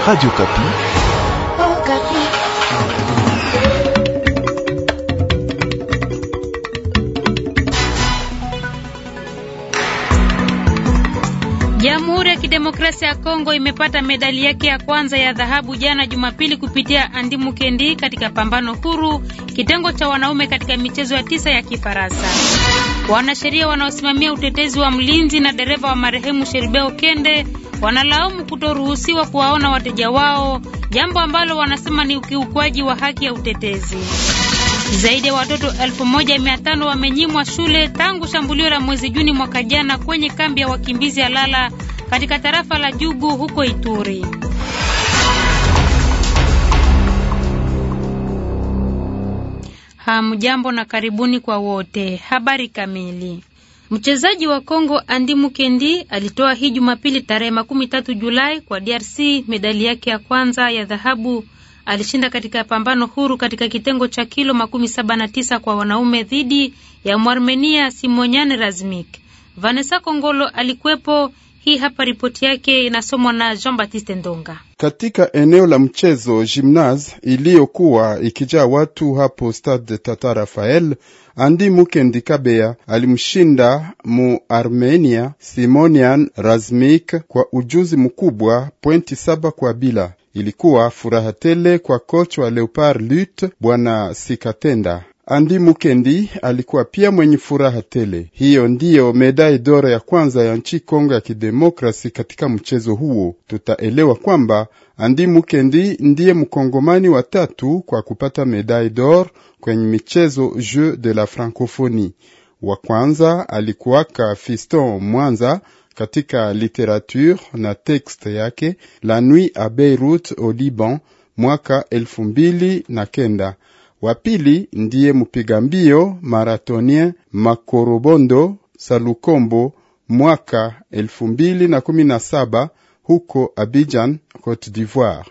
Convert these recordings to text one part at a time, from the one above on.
Radio Kapi. Oh, Kapi. Jamhuri ya Kidemokrasia ya Kongo imepata medali yake ya kwanza ya dhahabu jana Jumapili kupitia Andi Mukendi katika pambano huru kitengo cha wanaume katika michezo ya tisa ya kifaransa. Wanasheria wanaosimamia utetezi wa mlinzi na dereva wa marehemu Sheribeo Kende wanalaumu kutoruhusiwa kuwaona wateja wao, jambo ambalo wanasema ni ukiukwaji wa haki ya utetezi. Zaidi ya watoto elfu wamenyimwa shule tangu shambulio la mwezi Juni mwaka jana kwenye kambi ya wakimbizi ya Lala katika tarafa la Jugu huko Ituri. Hamjambo na karibuni kwa wote. Habari kamili. Mchezaji wa Kongo Andi Mukendi alitoa hii Jumapili tarehe makumi tatu Julai kwa DRC medali yake ya kwanza ya dhahabu. Alishinda katika pambano huru katika kitengo cha kilo makumi saba na tisa kwa wanaume dhidi ya Mwarmenia Simonyan Razmik. Vanessa Kongolo alikuwepo. Hii hapa ripoti yake inasomwa na Jean Baptiste Ndonga katika eneo la mchezo gymnase iliyokuwa ikijaa watu hapo Stade Tata Rafael, Andi Mukendi Kabea alimshinda armenia Simonian Razmik kwa ujuzi mkubwa pointi saba kwa bila. Ilikuwa furaha tele kwa kocha wa Leopard Lut Bwana Sikatenda. Andi Mukendi alikuwa pia mwenye furaha tele. Hiyo ndiyo medai dora ya kwanza ya nchi Kongo ya Kidemokrasi katika mchezo huo. Tutaelewa kwamba Andi Mukendi ndiye mkongomani wa tatu kwa kupata medai dor kwenye michezo Jeu de la Francophonie. Wa kwanza alikuwaka Fiston Mwanza katika literature na tekste yake La Nuit a Beirut au Liban mwaka elfu mbili na kenda wa pili ndiye mpiga mbio maratonien Makorobondo Salukombo mwaka elfu huko Abidjan, Cote d'Ivoire.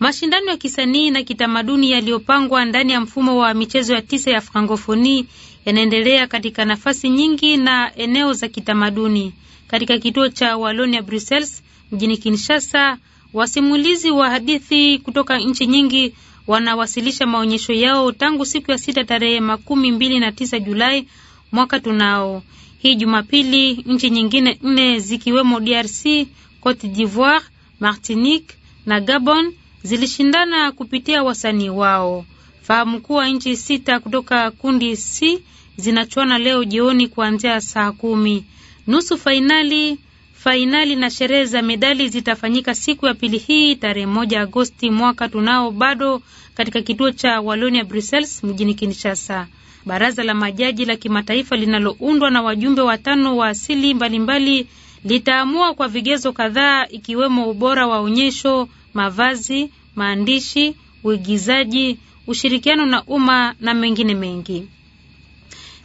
Mashindano ya kisanii na kitamaduni yaliyopangwa ndani ya mfumo wa michezo ya tisa ya Frankofoni yanaendelea katika nafasi nyingi na eneo za kitamaduni katika kituo cha Walonia Brussels mjini Kinshasa. Wasimulizi wa hadithi kutoka nchi nyingi wanawasilisha maonyesho yao tangu siku ya sita tarehe makumi mbili na tisa Julai mwaka tunao. Hii Jumapili nchi nyingine nne zikiwemo DRC, Cote d'Ivoire, Martinique na Gabon zilishindana kupitia wasanii wao. Fahamu kuwa nchi sita kutoka kundi C zinachuana leo jioni kuanzia saa kumi. Nusu fainali Fainali na sherehe za medali zitafanyika siku ya pili hii tarehe moja Agosti mwaka tunao bado katika kituo cha Walonia Brussels mjini Kinshasa. Baraza la majaji la kimataifa linaloundwa na wajumbe watano wa asili mbalimbali litaamua kwa vigezo kadhaa ikiwemo ubora wa onyesho, mavazi, maandishi, uigizaji, ushirikiano na umma na mengine mengi.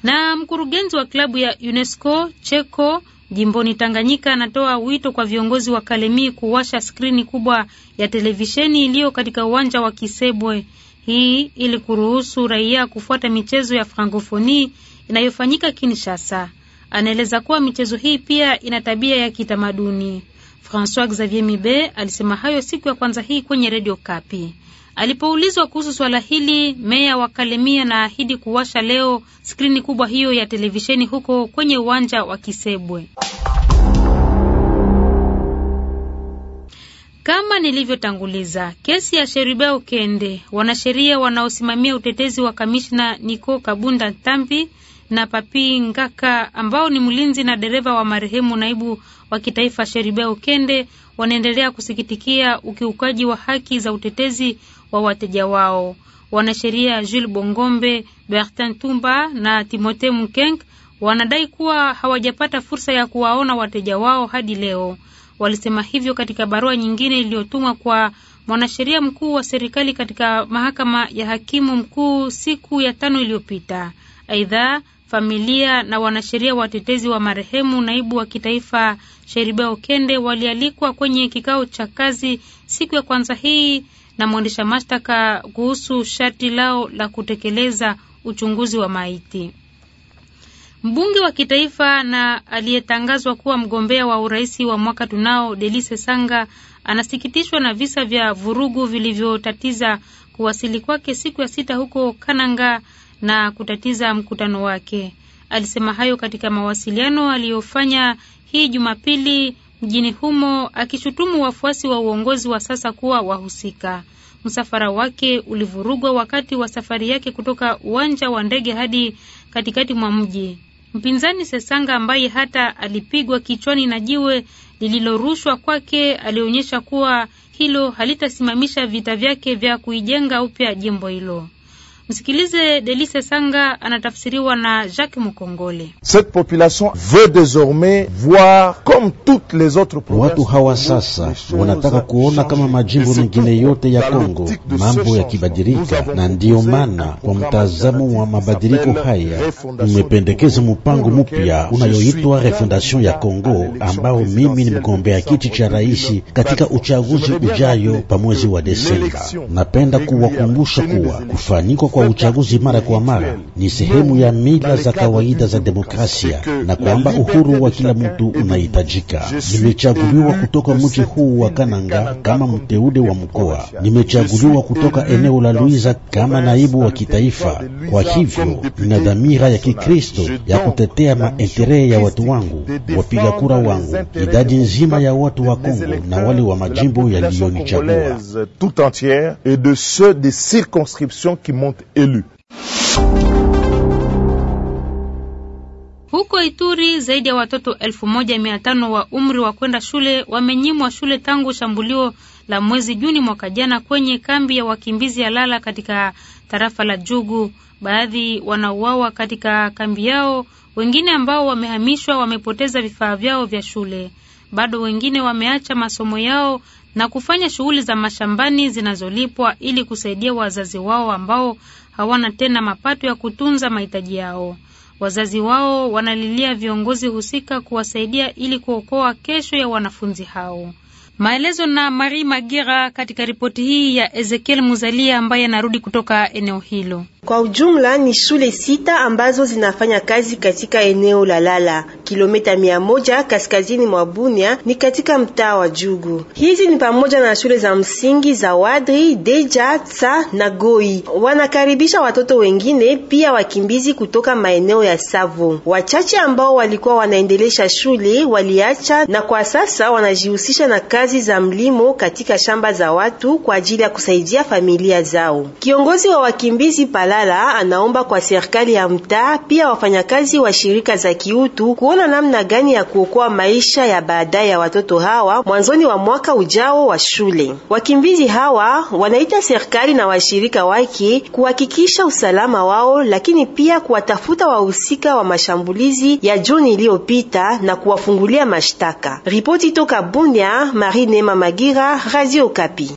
Na mkurugenzi wa klabu ya UNESCO Cheko jimboni Tanganyika anatoa wito kwa viongozi wa Kalemie kuwasha skrini kubwa ya televisheni iliyo katika uwanja wa Kisebwe, hii ili kuruhusu raia kufuata michezo ya Frankofoni inayofanyika Kinshasa. Anaeleza kuwa michezo hii pia ina tabia ya kitamaduni. François Xavier Mibe alisema hayo siku ya kwanza hii kwenye redio Kapi. Alipoulizwa kuhusu swala hili, meya wa Kalemia na ahidi kuwasha leo skrini kubwa hiyo ya televisheni huko kwenye uwanja wa Kisebwe. Kama nilivyotanguliza, kesi ya Sheribeo Kende, wanasheria wanaosimamia utetezi wa kamishna Niko Kabunda Ntambi na Papi Ngaka ambao ni mlinzi na dereva wa marehemu naibu wa kitaifa sheribe Okende wanaendelea kusikitikia ukiukaji wa haki za utetezi wa wateja wao. Wanasheria Jules Bongombe, Bertin Tumba na Timote Mkeng wanadai kuwa hawajapata fursa ya kuwaona wateja wao hadi leo. Walisema hivyo katika barua nyingine iliyotumwa kwa mwanasheria mkuu wa serikali katika mahakama ya hakimu mkuu siku ya tano iliyopita. Aidha, familia na wanasheria watetezi wa marehemu naibu wa kitaifa Sheribeo Okende walialikwa kwenye kikao cha kazi siku ya kwanza hii na mwendesha mashtaka kuhusu sharti lao la kutekeleza uchunguzi wa maiti. Mbunge wa kitaifa na aliyetangazwa kuwa mgombea wa urais wa mwaka tunao Delise Sanga anasikitishwa na visa vya vurugu vilivyotatiza kuwasili kwake siku ya sita huko Kananga na kutatiza mkutano wake. Alisema hayo katika mawasiliano aliyofanya hii Jumapili mjini humo, akishutumu wafuasi wa uongozi wa sasa kuwa wahusika. Msafara wake ulivurugwa wakati wa safari yake kutoka uwanja wa ndege hadi katikati mwa mji. Mpinzani Sesanga, ambaye hata alipigwa kichwani na jiwe lililorushwa kwake, alionyesha kuwa hilo halitasimamisha vita vyake vya kuijenga upya jimbo hilo. Msikilize Delise Sanga anatafsiriwa na Jacques Mukongole. Cette population veut désormais voir comme toutes les autres provinces. Watu hawa sasa wanataka kuona kama majimbo mengine yote ya Kongo mambo yakibadilika, na ndiyo maana kwa mtazamo wa mabadiliko haya nimependekeza mpango mpya unayoitwa refondation ya Kongo, ambao mimi ni mgombea kiti cha rais katika uchaguzi ujayo pa mwezi wa Desemba. Napenda kuwakumbusha kuwa kufanyika kwa uchaguzi mara kwa mara ni sehemu ya mila za kawaida za demokrasia na kwamba uhuru wa kila mtu unahitajika. Nimechaguliwa kutoka mji huu wa Kananga kama mteule wa mkoa, nimechaguliwa kutoka eneo la Luiza kama naibu wa kitaifa. Kwa hivyo nina dhamira ya Kikristo ya kutetea maenterehe ya watu wangu, wapiga kura wangu, idadi nzima ya watu wa Kongo na wale wa majimbo yaliyonichagua être élu. Huko Ituri zaidi ya watoto elfu moja mia tano wa umri wa kwenda shule wamenyimwa shule tangu shambulio la mwezi Juni mwaka jana kwenye kambi ya wakimbizi ya Lala katika tarafa la Jugu. Baadhi wanauawa katika kambi yao, wengine ambao wamehamishwa wamepoteza vifaa vyao vya shule, bado wengine wameacha masomo yao na kufanya shughuli za mashambani zinazolipwa ili kusaidia wazazi wao ambao hawana tena mapato ya kutunza mahitaji yao. Wazazi wao wanalilia viongozi husika kuwasaidia ili kuokoa kesho ya wanafunzi hao. Maelezo na Marie Magira katika ripoti hii ya Ezekiel Muzalia ambaye anarudi kutoka eneo hilo. Kwa ujumla ni shule sita ambazo zinafanya kazi katika eneo la Lala, kilomita mia moja kaskazini mwa Bunia, ni katika mtaa wa Jugu. Hizi ni pamoja na shule za msingi za Wadri, Deja, Tsa na Goi. Wanakaribisha watoto wengine pia wakimbizi kutoka maeneo ya Savo. Wachache ambao walikuwa wanaendelesha shule waliacha na kwa sasa wanajihusisha na kazi kazi za mlimo katika shamba za watu kwa ajili ya kusaidia familia zao. Kiongozi wa wakimbizi Palala anaomba kwa serikali ya mtaa pia wafanyakazi wa shirika za kiutu kuona namna gani ya kuokoa maisha ya baadaye ya watoto hawa mwanzoni wa mwaka ujao wa shule. Wakimbizi hawa wanaita serikali na washirika wake kuhakikisha usalama wao, lakini pia kuwatafuta wahusika wa mashambulizi ya Juni iliyopita na kuwafungulia mashtaka. Ripoti toka Bunia. Habari Neema Magira, Radio Kapi.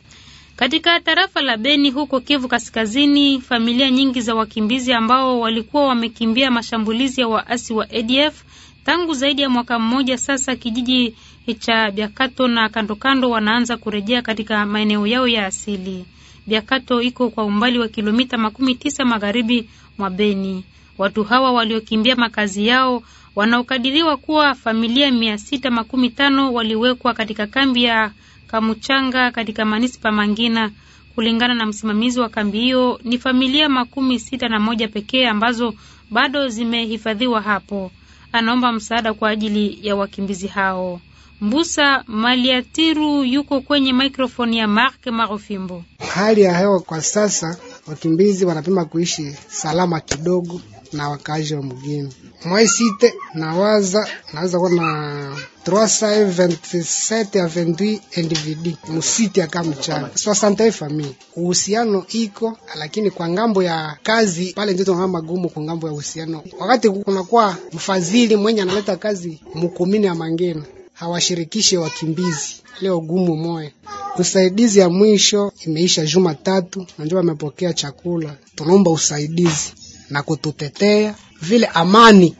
Katika tarafa la Beni huko Kivu Kaskazini, familia nyingi za wakimbizi ambao walikuwa wamekimbia mashambulizi ya waasi wa ADF tangu zaidi ya mwaka mmoja sasa, kijiji cha Biakato na kandokando, wanaanza kurejea katika maeneo yao ya asili. Biakato iko kwa umbali wa kilomita makumi tisa magharibi mwa Beni. Watu hawa waliokimbia makazi yao wanaokadiriwa kuwa familia mia sita makumi tano waliwekwa katika kambi ya Kamuchanga katika manispa Mangina. Kulingana na msimamizi wa kambi hiyo, ni familia makumi sita na moja pekee ambazo bado zimehifadhiwa hapo. Anaomba msaada kwa ajili ya wakimbizi hao. Mbusa Maliatiru yuko kwenye mikrofoni ya Mark Marofimbo. Hali ya hewa kwa sasa, wakimbizi wanapima kuishi salama kidogo na wakaaji wa mgini mwaisite nawaza naweza kuwa na 327 aventui individu musiti aka mchana 60 famili uhusiano iko, lakini kwa ngambo ya kazi pale ndio tunaona magumu kwa ngambo ya uhusiano. Wakati kunakuwa mfadhili mwenye analeta kazi mukumini ya Mangina hawashirikishe wakimbizi, leo gumu moyo usaidizi ya mwisho imeisha juma tatu, na ndio wamepokea chakula. Tunaomba usaidizi na kututetea vile amani.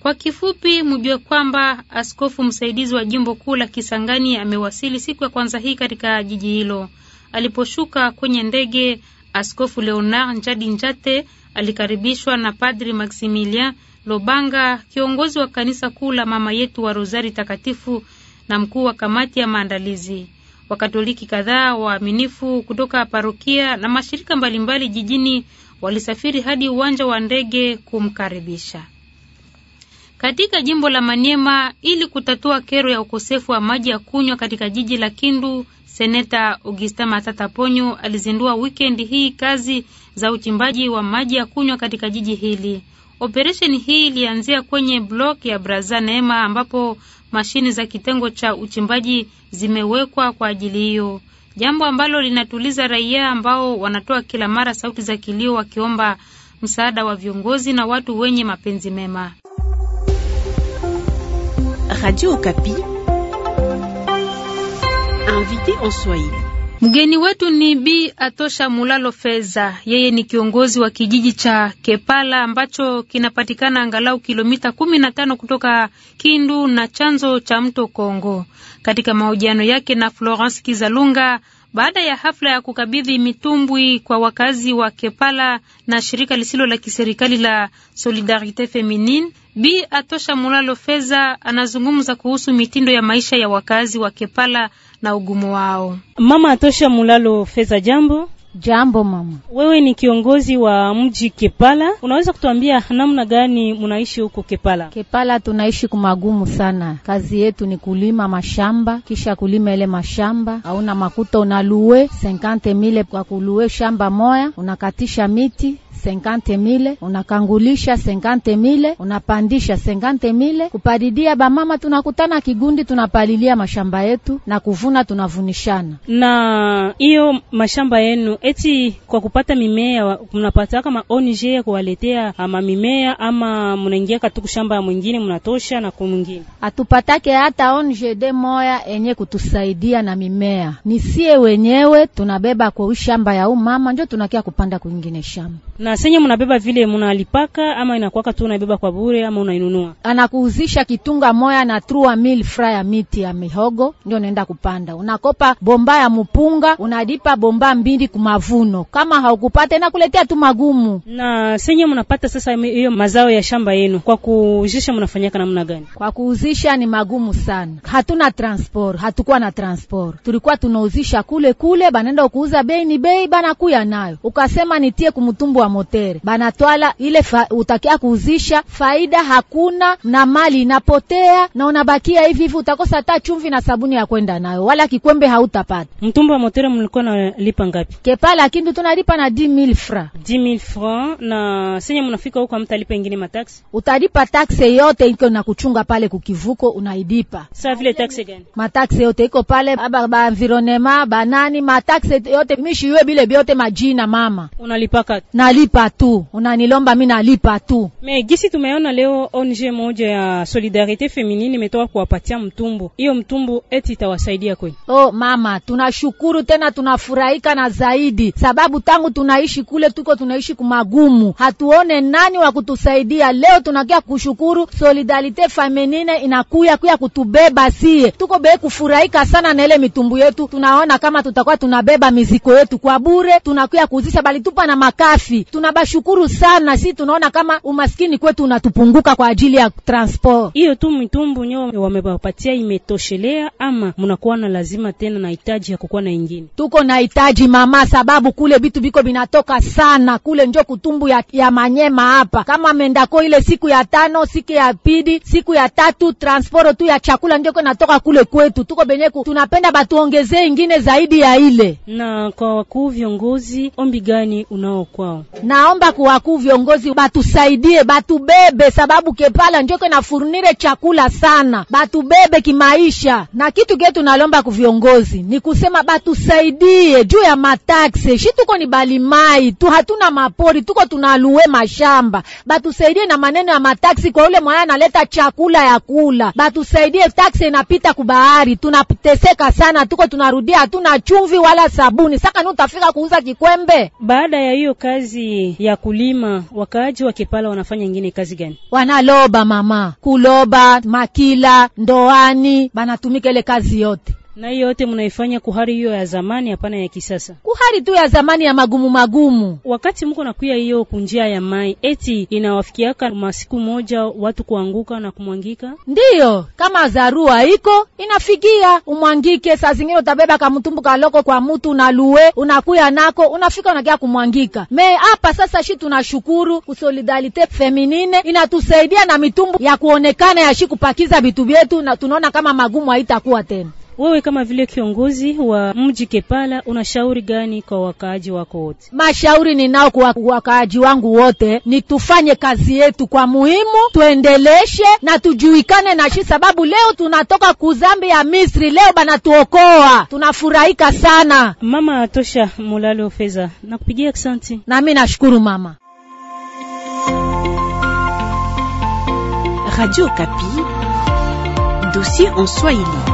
Kwa kifupi, mjue kwamba askofu msaidizi wa jimbo kuu la Kisangani amewasili siku ya kwanza hii katika jiji hilo. Aliposhuka kwenye ndege, askofu Leonard Njadi Njate alikaribishwa na padri Maximilien Lobanga, kiongozi wa kanisa kuu la Mama Yetu wa Rosari Takatifu na mkuu wa kamati ya maandalizi. Wakatoliki kadhaa waaminifu kutoka parokia na mashirika mbalimbali jijini walisafiri hadi uwanja wa ndege kumkaribisha. Katika jimbo la Maniema, ili kutatua kero ya ukosefu wa maji ya kunywa katika jiji la Kindu, Seneta Augustin Matata Ponyo alizindua wikendi hii kazi za uchimbaji wa maji ya kunywa katika jiji hili. Operesheni hii ilianzia kwenye blok ya Braza Neema ambapo mashine za kitengo cha uchimbaji zimewekwa kwa ajili hiyo jambo ambalo linatuliza raia ambao wanatoa kila mara sauti za kilio wakiomba msaada wa viongozi na watu wenye mapenzi mema. Radio Okapi invité en Swahili Mgeni wetu ni Bi Atosha Mulalo Feza. Yeye ni kiongozi wa kijiji cha Kepala ambacho kinapatikana angalau kilomita kumi na tano kutoka Kindu na chanzo cha mto Kongo. Katika mahojiano yake na Florence Kizalunga baada ya hafla ya kukabidhi mitumbwi kwa wakazi wa Kepala na shirika lisilo la kiserikali la Solidarite Feminine, Bi Atosha Mulalo Feza anazungumza kuhusu mitindo ya maisha ya wakazi wa Kepala na ugumu wao. Mama Atosha Mulalo Feza, jambo. Jambo mama. Wewe ni kiongozi wa mji Kepala, unaweza kutuambia namna gani mnaishi huko Kepala? Kepala tunaishi kumagumu sana, kazi yetu ni kulima mashamba, kisha kulima ile mashamba hauna makuta, unaluwe 50000 kwa kuluwe shamba moya, unakatisha miti senkante mile unakangulisha senkante mile unapandisha senkante mile kupalidia bamama, tunakutana kigundi, tunapalilia mashamba yetu na kuvuna, tunavunishana na hiyo mashamba yenu. Eti kwa kupata mimea mnapata kama ONG ya kuwaletea ama mimea ama mnaingia katika shamba ya mwingine mnatosha na kumwingine, hatupatake hata ONG de moya enye kutusaidia na mimea, ni sie wenyewe tunabeba kwa shamba ya umama njo tunakia kupanda kwingine shamba na na senye munabeba vile munalipaka ama inakuwaka tu unabeba kwa bure ama unainunua? Anakuuzisha kitunga moya na 3000 fra ya miti ya mihogo, ndio unaenda kupanda, unakopa bomba ya mupunga, unadipa bomba mbili kumavuno. Kama haukupata inakuletea tu magumu. Na senye munapata sasa hiyo mazao ya shamba yenu, kwa kuuzisha munafanyaka namna gani? Kwa kuuzisha ni magumu sana, hatuna transport, hatukuwa na transport, tulikuwa tunauzisha kule kule, banaenda kuuza bei ni bei, banakuya nayo ukasema nitie kumutumbu wa promotere banatwala ile fa, utakia kuuzisha faida hakuna, na mali inapotea na unabakia hivi hivi, utakosa hata chumvi na sabuni ya kwenda nayo, wala kikwembe hautapata. Mtumba wa motere mlikuwa nalipa ngapi? Kepala kindu tunalipa na 10000 francs 10000 francs. Na senye mnafika huko hamtalipa ingine mataksi, utalipa taksi yote iko na kuchunga pale kukivuko unaidipa. Sasa vile taksi gani? Mataksi yote iko pale aba ba environnement banani, mataksi yote mishi mishiwe bile biote majina mama unalipaka nalipa nalipa tu, unanilomba mimi nalipa tu. Me gisi tumeona leo ONG moja ya Solidarite Feminine imetoa kuwapatia mtumbu, hiyo mtumbu eti itawasaidia kweli? Oh mama, tunashukuru tena tunafurahika na zaidi, sababu tangu tunaishi kule tuko tunaishi kumagumu, hatuone nani wa kutusaidia. Leo tunakia kushukuru Solidarite Feminine inakuya kuya kutubeba sie, tuko be kufurahika sana na ile mitumbu yetu, tunaona kama tutakuwa tunabeba miziko yetu kwa bure, tunakuya kuzisha balitupa na makafi tunabashukuru sana. Si tunaona kama umaskini kwetu unatupunguka kwa ajili ya transport hiyo tu. Mitumbu nyo wamepatia imetoshelea, ama mnakuwa na lazima tena na hitaji ya kukuwa na ingine? Tuko na hitaji mama, sababu kule vitu biko vinatoka sana kule, njo kutumbu ya, ya manyema hapa, kama mendako ile siku ya tano, siku ya pidi siku ya tatu, transport tu ya chakula ndio natoka kule kwetu. Tuko benyeku tunapenda batuongezee ingine zaidi ya ile. Na kwa wakuu viongozi, ombi gani unao kwao? naomba kuwakuu viongozi batusaidie, batubebe, sababu kepala njoko na furnire chakula sana, batubebe kimaisha. Na kitu ketu nalomba ku viongozi ni kusema batusaidie juu ya mataksi, shi tuko ni balimai tu, hatuna mapori, tuko tunaluwe mashamba. Batusaidie na maneno ya mataksi kwa ule mwana analeta chakula ya kula, batusaidie. Taksi inapita kubahari, tunateseka sana, tuko tunarudia, hatuna chumvi wala sabuni. Saka nutafika kuuza kikwembe baada ya hiyo kazi kazi ya kulima, wakaaji wa Kipala wanafanya ingine kazi gani? Wanaloba mama, kuloba makila, ndoani, banatumika ile kazi yote na hiyo yote mnaifanya kuhari hiyo ya zamani, hapana ya kisasa, kuhari tu ya zamani ya magumu magumu. Wakati mko nakuya hiyo kunjia ya mai, eti inawafikiaka masiku moja watu kuanguka na kumwangika. Ndiyo kama zarua iko inafikia umwangike, saa zingine utabeba kamtumbu kaloko kwa mutu unaluwe, unakuya nako unafika unakia kumwangika. Me hapa sasa shi tunashukuru kusolidarite feminine inatusaidia na mitumbu ya kuonekana yashi kupakiza vitu vyetu, na tunaona kama magumu haitakuwa tena. Wewe kama vile kiongozi wa mji Kepala, unashauri gani kwa wakaaji wako wote? Mashauri ninao kwa wakaaji wangu wote ni tufanye kazi yetu kwa muhimu, tuendeleshe na tujuikane na shi, sababu leo tunatoka kuzambi ya Misri, leo banatuokoa, tunafurahika sana. Mama Atosha Mulalo Feza, nakupigia asante. Nami nashukuru mama. Radio Kapi, dossier en Swahili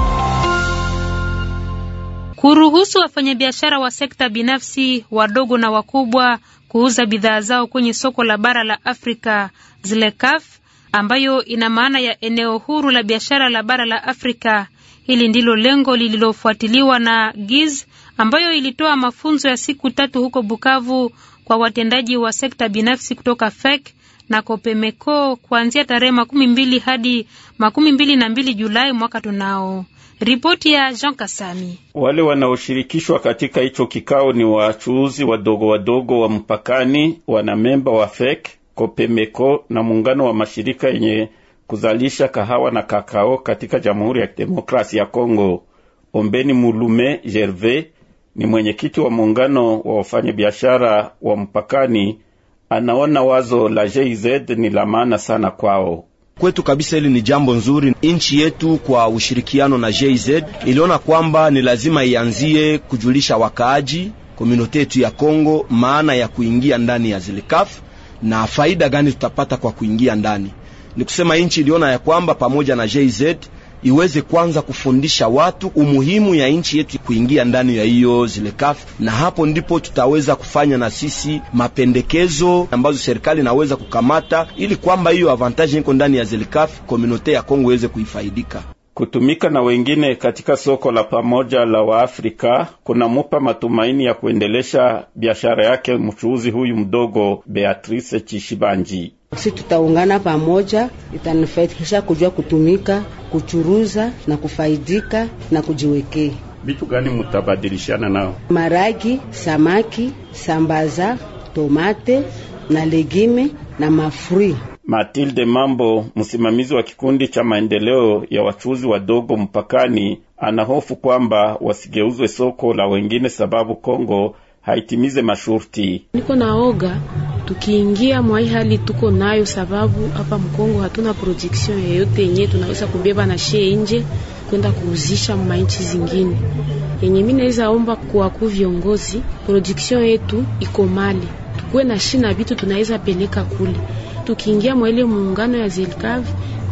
kuruhusu wafanyabiashara wa sekta binafsi wadogo na wakubwa kuuza bidhaa zao kwenye soko la bara la Afrika ZLECAf, ambayo ina maana ya eneo huru la biashara la bara la Afrika. Hili ndilo lengo lililofuatiliwa na Giz ambayo ilitoa mafunzo ya siku tatu huko Bukavu kwa watendaji wa sekta binafsi kutoka FEC na Kopemeko kuanzia tarehe makumi mbili hadi makumi mbili na mbili Julai mwaka tunao. Ripoti ya Jean Kasami. Wale wanaoshirikishwa katika hicho kikao ni wachuuzi wadogo wadogo wa mpakani, wanamemba wa FEC, Kopemeko na muungano wa mashirika yenye kuzalisha kahawa na kakao katika Jamhuri ya Demokrasia ya Kongo. Ombeni Mulume jerve ni mwenyekiti wa muungano wa wafanyabiashara wa mpakani, anaona wazo la JZ ni la maana sana kwao. Kwetu kabisa hili ni jambo nzuri. Nchi yetu kwa ushirikiano na jz iliona kwamba ni lazima ianzie kujulisha wakaaji komunote yetu ya Kongo maana ya kuingia ndani ya zilikaf na faida gani tutapata kwa kuingia ndani. Ni kusema nchi iliona ya kwamba pamoja na JZ iweze kwanza kufundisha watu umuhimu ya nchi yetu kuingia ndani ya hiyo zile kafu, na hapo ndipo tutaweza kufanya na sisi mapendekezo ambazo serikali inaweza kukamata ili kwamba hiyo avantage iko ndani ya zelikafu komunote ya Kongo iweze kuifaidika kutumika na wengine katika soko la pamoja la Waafrika kunamupa matumaini ya kuendelesha biashara yake mchuuzi huyu mdogo Beatrice Chishibanji. Si tutaungana pamoja, itanifaidisha kujua kutumika, kuchuruza na kufaidika na kujiwekea. Vitu gani mutabadilishana nao? Maragi, samaki, sambaza, tomate na legime na mafuri Matilde Mambo, msimamizi wa kikundi cha maendeleo ya wachuuzi wadogo mpakani, anahofu kwamba wasigeuzwe soko la wengine, sababu Kongo haitimize masharti. Niko naoga tukiingia mwai hali tuko nayo, sababu hapa Mkongo hatuna production yoyote yenye tunaweza kubeba na shee nje kwenda kuuzisha mainchi zingine. Yenye mimi naweza omba kwa ku viongozi, production yetu iko mali, tukuwe na shina vitu tunaweza peleka kule. Tukiingia mwa ile muungano ya Zelkav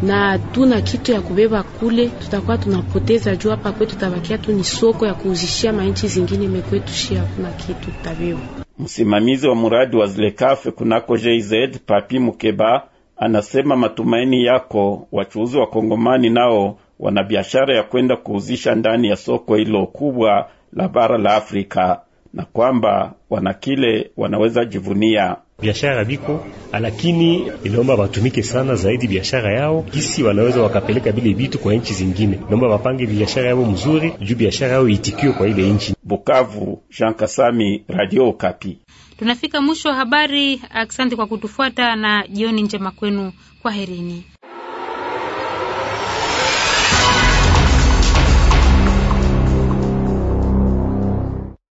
na tuna kitu ya kubeba kule, tutakuwa tunapoteza juu. Hapa kwetu tabakia tu ni soko ya kuuzishia mainchi zingine, mekwetu shia hakuna kitu tutabeba. Msimamizi wa muradi wa Zlekafe kunako JZ Papi Mukeba anasema matumaini yako wachuuzi wa Kongomani nao wana biashara ya kwenda kuuzisha ndani ya soko hilo kubwa la bara la Afrika na kwamba wana kile wanaweza jivunia. Biashara biko lakini inaomba watumike sana zaidi biashara yao, kisi wanaweza wakapeleka vile vitu kwa nchi zingine. Naomba wapange biashara yao mzuri, juu biashara yao itikio kwa ile nchi. Bukavu, Jean Kasami, Radio Kapi. Tunafika mwisho wa habari. Asante kwa kutufuata na jioni njema kwenu, kwa herini